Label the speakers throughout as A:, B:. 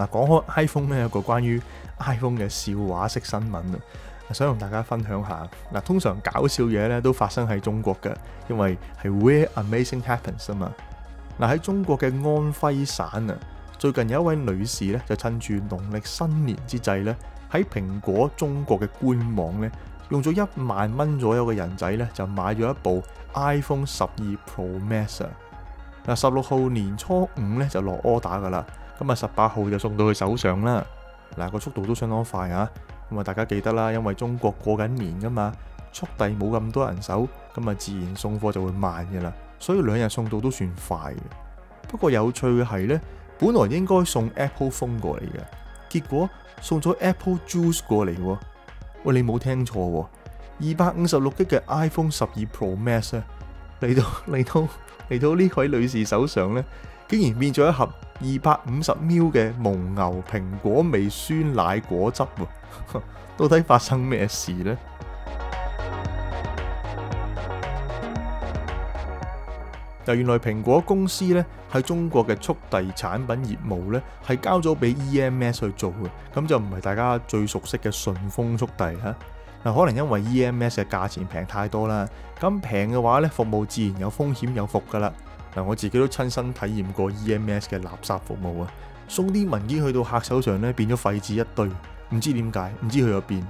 A: 嗱，講開 iPhone 咧，有個關於 iPhone 嘅笑話式新聞啊，想同大家分享一下。嗱，通常搞笑嘢咧都發生喺中國嘅，因為係 Where Amazing Happens 啊嘛。嗱，喺中國嘅安徽省啊，最近有一位女士咧，就趁住農曆新年之際咧，喺蘋果中國嘅官網咧，用咗一萬蚊左右嘅人仔咧，就買咗一部 iPhone 十二 Pro Max 啊。嗱，十六號年初五咧就落 order 噶啦。今日十八號就送到佢手上啦，嗱，個速度都相當快啊。咁啊，大家記得啦，因為中國過緊年噶嘛，速遞冇咁多人手，咁啊自然送貨就會慢嘅啦。所以兩日送到都算快嘅。不過有趣嘅係呢，本來應該送 Apple Phone 過嚟嘅，結果送咗 Apple Juice 過嚟喎。喂，你冇聽錯喎，二百五十六 G 嘅 iPhone 十二 Pro Max 嚟到嚟到嚟到呢位女士手上呢。竟然變咗一盒二百五十 mL 嘅蒙牛蘋果味酸奶果汁喎，到底發生咩事呢？嗱，原來蘋果公司呢，喺中國嘅速遞產品業務呢係交咗俾 EMS 去做嘅，咁就唔係大家最熟悉嘅順豐速遞吓。嗱，可能因為 EMS 嘅價錢平太多啦，咁平嘅話呢，服務自然有風險有伏㗎啦。嗱，我自己都親身體驗過 EMS 嘅垃圾服務啊，送啲文件去到客手上咧，變咗廢紙一堆，唔知點解，唔知佢有變。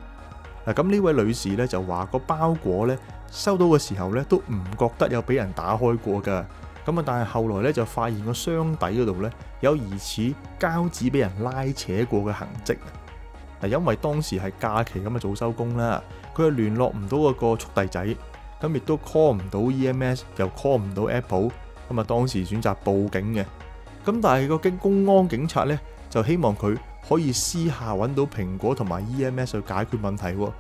A: 嗱，咁呢位女士咧就話個包裹咧收到嘅時候咧都唔覺得有俾人打開過㗎。咁啊，但係後來咧就發現個箱底嗰度咧有疑似膠紙俾人拉扯過嘅痕跡。嗱，因為當時係假期咁啊，早收工啦，佢又聯絡唔到嗰個速遞仔，咁亦都 call 唔到 EMS，又 call 唔到 Apple。咁啊，當時選擇報警嘅。咁但係個警公安警察呢，就希望佢可以私下揾到蘋果同埋 EMS 去解決問題喎。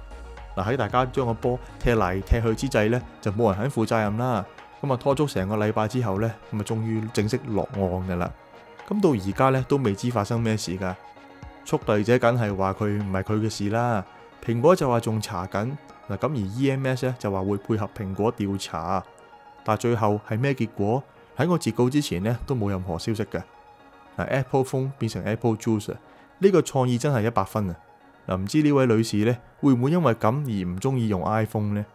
A: 嗱，喺大家將個波踢嚟踢去之際呢，就冇人肯負責任啦。咁啊，拖足成個禮拜之後呢，咁啊終於正式落案㗎啦。咁到而家呢，都未知發生咩事㗎。速遞者梗係話佢唔係佢嘅事啦。蘋果就話仲查緊。嗱，咁而 EMS 呢，就話會配合蘋果調查，但最後係咩結果？喺我截稿之前呢，都冇任何消息嘅。嗱，Apple Phone 變成 Apple Juice，呢個創意真係一百分啊！嗱，唔知呢位女士呢，會唔會因為咁而唔鍾意用 iPhone 呢？